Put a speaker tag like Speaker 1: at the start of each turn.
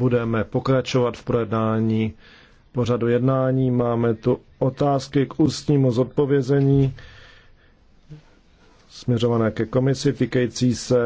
Speaker 1: budeme pokračovat v projednání pořadu jednání. Máme tu otázky k ústnímu zodpovězení směřované
Speaker 2: ke komisi týkající se